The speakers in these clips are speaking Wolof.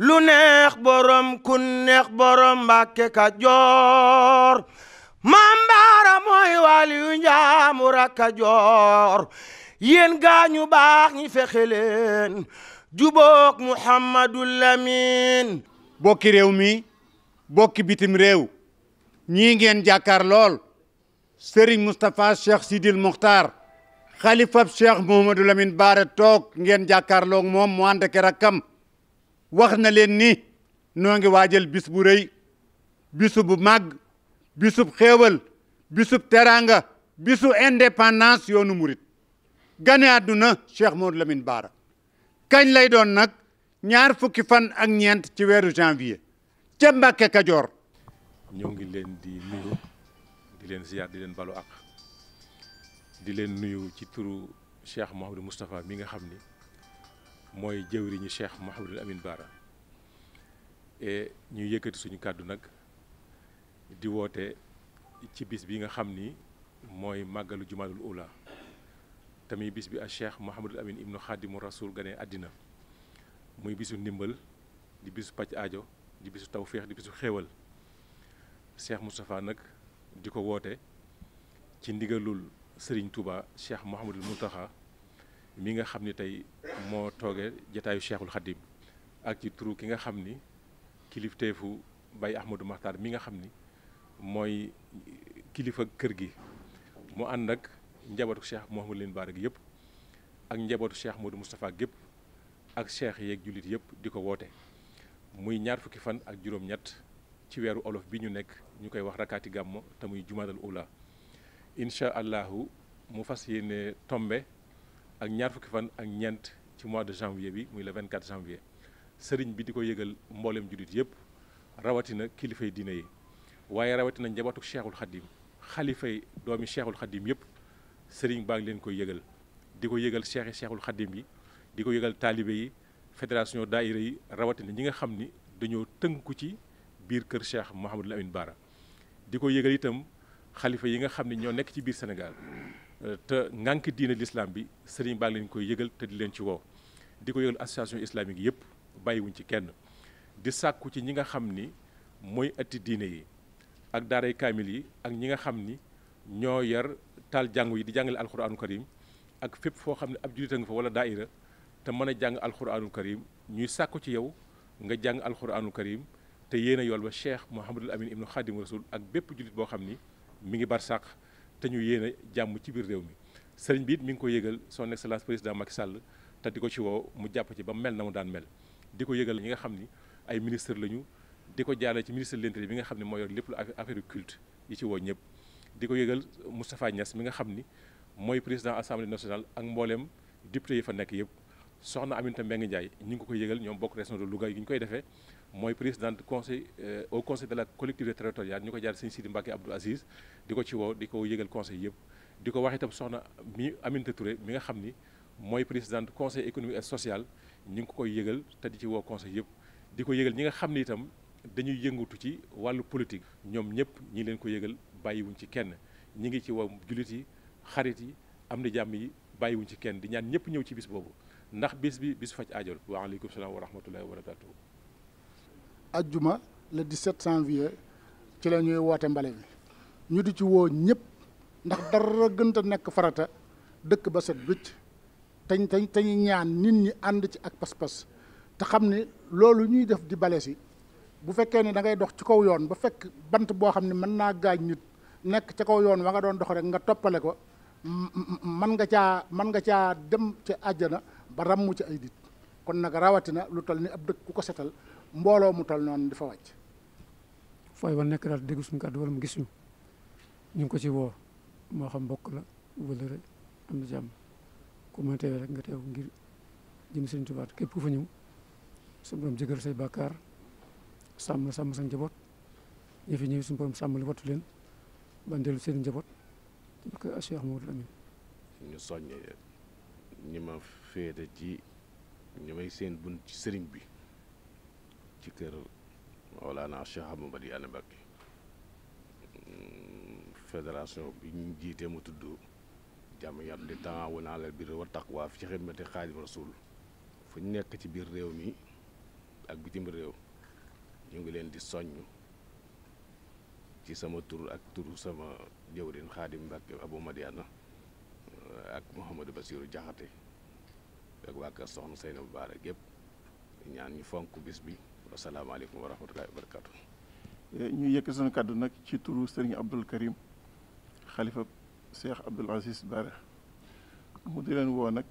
lu neex borom ku neex borom Mbàkke Kajoor maam Baara mooy waliyu njaamura Kajoor yéen gaañu baax ñi fexe leen jubook Muhammadu Lamin bokki réew mi bokki bitim réew ñii ngeen jàkkaar lool Serigne Moustapha Cheikh Sidil Mokhtar xalifab Cheikh Mouhamadou Lamine Baara toog ngeen jàkkaarloog moom mu ànd ak rakkam wax na leen ni noo ngi waajal bis bu rëy bisu bu màgg bisu xéewal bisu teraanga bisu independance yoonu murit gane àdduna Cheikh Modou lamin Bara kañ lay doon nag ñaar fukki fan ak ñeent ci weeru janvier ca Mbàkke Kajoor ñoo ngi leen di nuyu di leen ziyaar di leen balu ak di leen nuyu ci turu Cheikh Mouhamadou Moustapha mi nga xam ni mooy jëwriñu Cheikh Mouhamadul Amin Baara et ñuy yëkkati suñu kàddu nag di woote ci bis bi nga xam ni mooy màggalu jumaadul ula tamit bis bi ak Cheikh Mouhamadul Amin ibnu Xaadimu Rasul gane àddina muy bisu ndimbal di bisu paj aajo di bisu tawféex di bisu xéewal Cheikh Moustapha nag di ko woote ci ndigalul Serigne Touba Cheikh Mouhamadul Mountakha mi nga xam ni tey moo tooge jataayu cheikhul xadim ak ci turu ki nga xam ni kilifteefu bay ahmadou maxtaar mi nga xam ni mooy kilifa kër gi mu ànd ak njabootu cheikh mohamadou leen baara gi yëpp ak njabootu cheikh modou mustafaa gépp ak cheikh yeeg jullit yëpp di ko woote muy ñaar fukki fan ak juróom-ñett ci weeru olof bi ñu nekk ñu koy wax rakaati gàmmo te muy jumaadal ula incha allahu mu fas yéene tombe ak ñaar fukki fan ak ñeent ci mois de janvier bi muy le 24 janvier sëriñ bi di ko yëgal mboolem jullit yëpp rawatina kilifay diine yi waaye rawatina njabootu cheikhul xadim xalifay doomi cheikhul xadim yëpp sëriñ baa ngi leen koy yëgal di ko yëgal cheikh cheikhul xadim yi di ko yëgal taalibe yi fédération daaira yi rawatina ñi nga xam ni dañoo tënku ci biir kër cheikh Mouhamadul Amin Baara di ko yégal itam xalifa yi nga xam ne ñoo nekk ci biir Sénégal Euh, te ngànk diine l'islam bi sëriñ baa ngi leen koy yëgal te di leen ci wow di ko yëgal association islamique yëpp bàyyiwuñ ci kenn di sàkku ci ñi nga xam ni mooy atti diine yi ak daaray kaamil yi ak ñi nga xam ni ñoo yar taal jàngu yi di jàngale alxuraanu karim ak fépp foo xam ne ab jullit a nga fa wala daaira te mën a jàng alxuraanu karim ñuy sàkku ci yow nga jàng alxuraanu karim te yéen a yool ba cheikh Mouhamadul Amin ibnu Xadim Rasul ak bépp jullit boo xam ni mi ngi barsàq te ñu yéene jàmm ci biir réew mi sëriñ biit mi ngi ko yëgal son excellence président Macky Sall te di ko ci woo mu jàpp ci ba mel na mu daan mel di ko yëgal ñi nga xam ni ay ministre lañu di ko jaarale ci ministre de l'intérieur bi nga xam ne moo yor lépp lu affaire culte yi ci ñëpp di ko yëgal Moustapha Niass mi nga xam ni mooy président assemblée nationale ak mbooleem député yi fa nekk yëpp soxna Aminata Mbengue Ndiaye ñu ngi ko koy yëgal ñoom bokk région de Louga yi ñu koy defee mooy président du conseil euh, au conseil de la collectivité territoriale ñu ko jaar sëñ Sidi Mbacke Abdou Aziz di ko ci woo di ko yëgal conseil yëpp di ko wax itam soxna mi Aminata Touré mi nga xam ni mooy président conseil économique social ñu ngi ko koy yëgal te di ci woo conseil yëpp di ko yëgal ñi nga xam ni itam dañuy yëngatu ci wàllu politique ñoom ñëpp ñi leen ko yëgal bàyyiwuñ ci kenn ñi ngi ci wow jullit yi xarit yi am na jàmm yi bàyyiwuñ ci kenn di ñëpp ñëw ci bis boobu ndax bis bi bis faj aajool waaleykum salaam wa rahmatullahi wa barakatuh ajjuma le 17 janvier ci la ñuy woote mbale mi ñu di ci woo ñëpp ndax dara gënta nekk farata dëkk ba set bëcc tañ tañ tañ ñaan nit ñi ànd ci ak pas-pas te xam ne loolu ñuy def di bale si bu fekkee ne da ngay dox ci kaw yoon ba fekk bant boo xam ne mën naa gaañ nit nekk ca kaw yoon wa nga doon dox rek nga toppale ko mën nga caa man nga caa dem ca àjjana ba ràmm ci ay dit kon nag rawatina lu toll ni ab dëkk ku ko setal mbooloo mu tal noonu di fa wàcc. fooy wan nekk daal dégg suñu kàddu wala mu gis ñu ñu ngi ko ci woo moo xam mbokk la wala rek am na jàmm ku mën teewee rek nga teew ngir jëm Sëriñ Tuubaa képp ku fa ñëw suñu borom jëgal say bàkkaar sàmm sàmm sa njaboot ñi fi ñëw suñu borom sàmm li wattu leen ban dellu seen njaboot parce que Cheikh Mamadou Lamine ñu soññee ñi ma féete ci ñi may seen bunt ci sëriñ bi. ci kër Mawlana Cheikh Ahmadou Yane Mbacké fédération bi ñu jiite mu tudd jamiat li taawun alal birri wa taqwa fi ci xidmati Xaadimu Rasuul fu nekk ci biir réew mi ak bitim réew ñu ngi leen di soññ ci sama tur ak turu sama jëwriñ Xaadim Mbacké Abou Madiana ak Mouhamadou Bassirou Diakhaté ak waa kër soxna Seyna bu Baara gépp ñaan ñu fonk bis bi wasalaamaaleykum wa rahmatullahi wa barakaatu. Eh, ñu yëkk sunu kàddu nag ci turu sëriñ Abdul Karim xalifa Cheikh Abdoul Aziz Bara mu di leen woo nag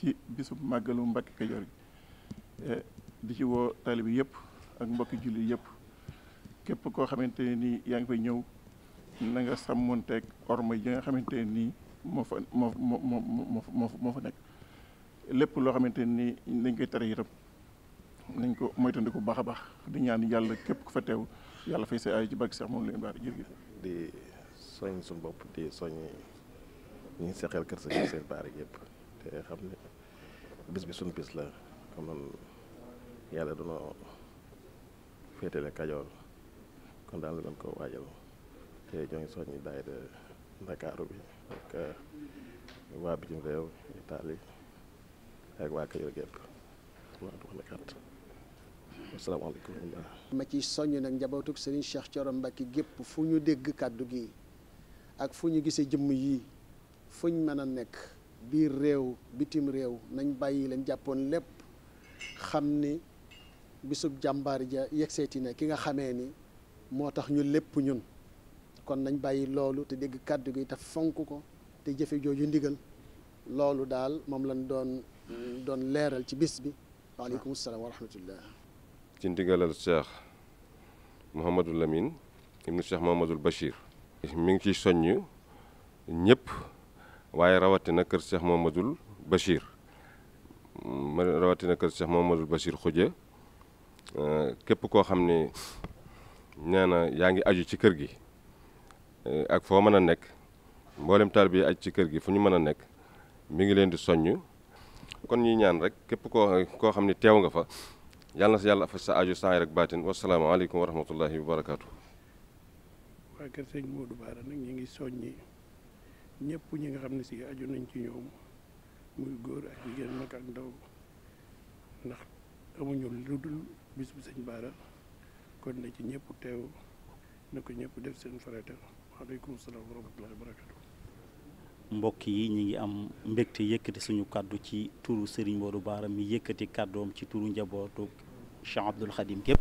ci bisu màggalu Mbàkke Kajoor gi eh, di ci woo taalibe yëpp ak mbokki julli yëpp képp koo xamante ne nii yaa ngi fay ñëw na nga sàmmonteeg orma nga xamante ne nii moo fa moo moo moo fa nekk lépp loo xamante ne nii dañ koy tere itam. nañ ko moytandiku bu baax a baax di ñaan yàlla képp ku fa teew yàlla fay say ay ci barke Seex moom leen baar jërëjëf di soñ suñ bopp di soñ ngi seqeel kër sëñ seen xam ne suñu bis la xam noon yàlla danoo féetale kajoor kon daal la doon ko waajal te ñoo ngi soññi daayira ndakaaru bi ak waa bitim réew Italie ak waa kajoor gépp waa du xanakat asalaamaaleykum ma ci soññ nag njabootug Serigne Cheikh Thioro Mbacke gépp fu ñu dégg kàddu gi ak fu ñu gisee jëmm yi fuñ mën a nekk biir réew bitim réew nañ bàyyi lañ jàppoon lépp xam ni bisub jàmbaar ja yegseeti ne ki nga xamee ni moo tax ñu lépp ñun kon nañ bàyyi loolu te dégg kàddu gi te fonk ko te jëfe jooju ndigal loolu daal moom lañ doon doon leeral ci bis bi waaleykum salaam wa ci ndigalal cheikh Mouhamadul Lamine ibnu cheikh Mouhamadul Bachir. mi ngi ciy soññ ñépp waaye rawatina kër seex Mouhamadul Bachir ma rawatina kër cheikh Mouhamadul Bachir Khoudia euh, képp koo xam ni nee na yaa ngi aju ci kër gi euh, ak foo mën a nekk mboolem taalibe yi aju ci kër gi fu ñu mën a nekk mu ngi leen di soññ kon ñuy ñaan rek képp koo xam ne teew nga fa. yàlla na si yàlla faj sa aajo saahir rek baatin wasalaamaaleykum wa rahmatullahi wa barakaatu. waa kër sëñ Modou Bara nag ñu ngi soññi ñëpp ñi nga xam ne si aju nañ ci ñoom muy góor ak jigéen mag ak ndaw ndax amuñu lu dul bis bu sëñ Bara kon na ci ñëpp teew na ko ñëpp def seen farata waaleykum salaam wa rahmatullahi wa barakaatu. mbokk yi ñu ngi am mbégte yëkkati suñu kàddu ci turu sëriñ Modou Bara mi yëkkati kàddoom ci turu njabootu Cheikh Abdoul Khadim képp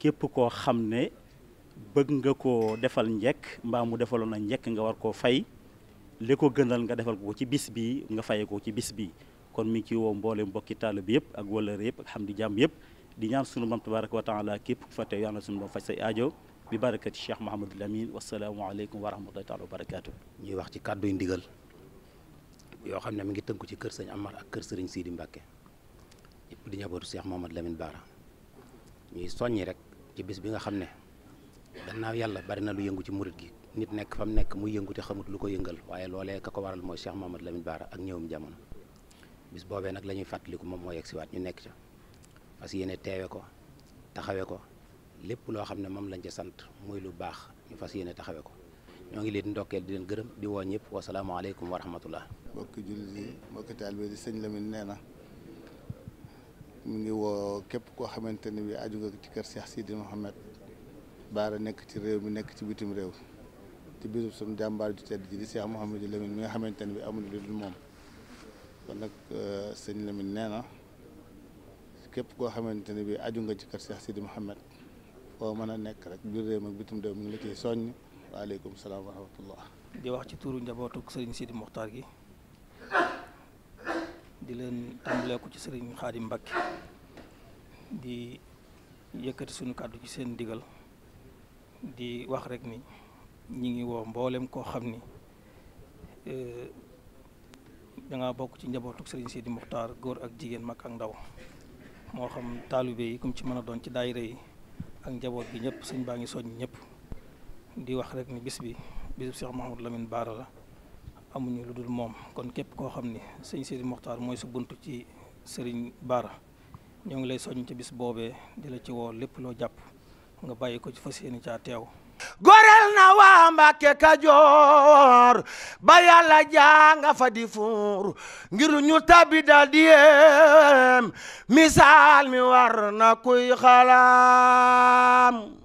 képp koo xam ne bëgg nga koo defal njekk mbaa mu defaloon na njekk nga war koo fay li ko gënal nga defal ko ci bis bi nga fay ko ci bis bi kon mi ci woo mboole mbokki taalibe bi yëpp ak wëllëre yëpp ak xam di jàmm yëpp di ñaan sunu borom tabaraka wa taala képp ku fa teew yàlla sunu borom faj sa aajo bi barakati Cheikh Mouhamadul Amin wasalaamualeykum wa rahmatullahi taala wa barakaatu. ñuy wax ci kàdduy ndigal yoo xam ne mu ngi tënku ci kër sëñ Amar ak kër sëriñ Sidi Mbacke yëpp di njabootu Cheikh Mouhamadul Amin Baara ñuy soññi rek ci bis bi nga xam ne gannaaw yàlla bari na lu yëngu ci murit gi nit nekk fa mu nekk muy yëngu te xamut lu ko yëngal waaye loolee ka ko waral mooy Cheikh Mouhamadul Amin Baara ak ñëwum jamono bis boobee nag la ñuy fàttaliku moom mooy yegg si waat ñu nekk ca fas yéene teewe ko taxawe ko. lépp loo xam ne moom lañ ca sant muy lu baax ñu fas yéene taxawe ko ñoo ngi leen ndokkeel di leen gërëm di woo ñëpp wasalaamaaleykum wa rahmatullah mbokki jullit yi mbokki taalibe di sëñ Lamine nee mu ngi woo képp koo xamante ne bi aju nga ci kër Cheikh Sidi Mouhamed Baara nekk ci réew mi nekk ci bitim réew ci bisub suñu jàmbaar ju tedd ji di Cheikh Mouhamed Lamine mi nga xamante ne bi amul lu dul moom kon nag euh, sëñ lemin nee na képp koo xamante ne bi aju nga ci kër Cheikh Sidi Mouhamed foo mën a nekk rek biir réew mi ak bitim réew mi ngi la ciy soññ waaleykum salaam wa di wax ci tuuru njabootu sëriñ Sidi Mokhtar gi di leen tàmbaleeku ci sëriñ Xaadim Mbacke di yëkkati suñu kàddu ci seen digal di wax rek ni ñi ngi woo mboolem koo xam ni e, danga bokk ci njabootu sëriñ Sidi Mokhtar góor ak jigéen mag ak ndaw moo xam taalibe yi comme ci mën a doon ci daayira yi ak njaboot bi ñëpp sëñ baa ngi soññ ñëpp di wax rek ni bis bi bisub Cheikh Mahamadou Lamine Baara la amuñu lu dul moom kon képp koo xam ni sëñ Sidi Mokhtar mooy su bunt ci sëriñ Baara ñoo ngi lay soññ ci bis boobee di la ci woo lépp loo jàpp nga bàyyi ko ci fas yéene caa teew gorel na waa Mbàkke Kajoor ba yàlla fa di fuur ngir ñu tabi dal misaal mi war na kuy xalaam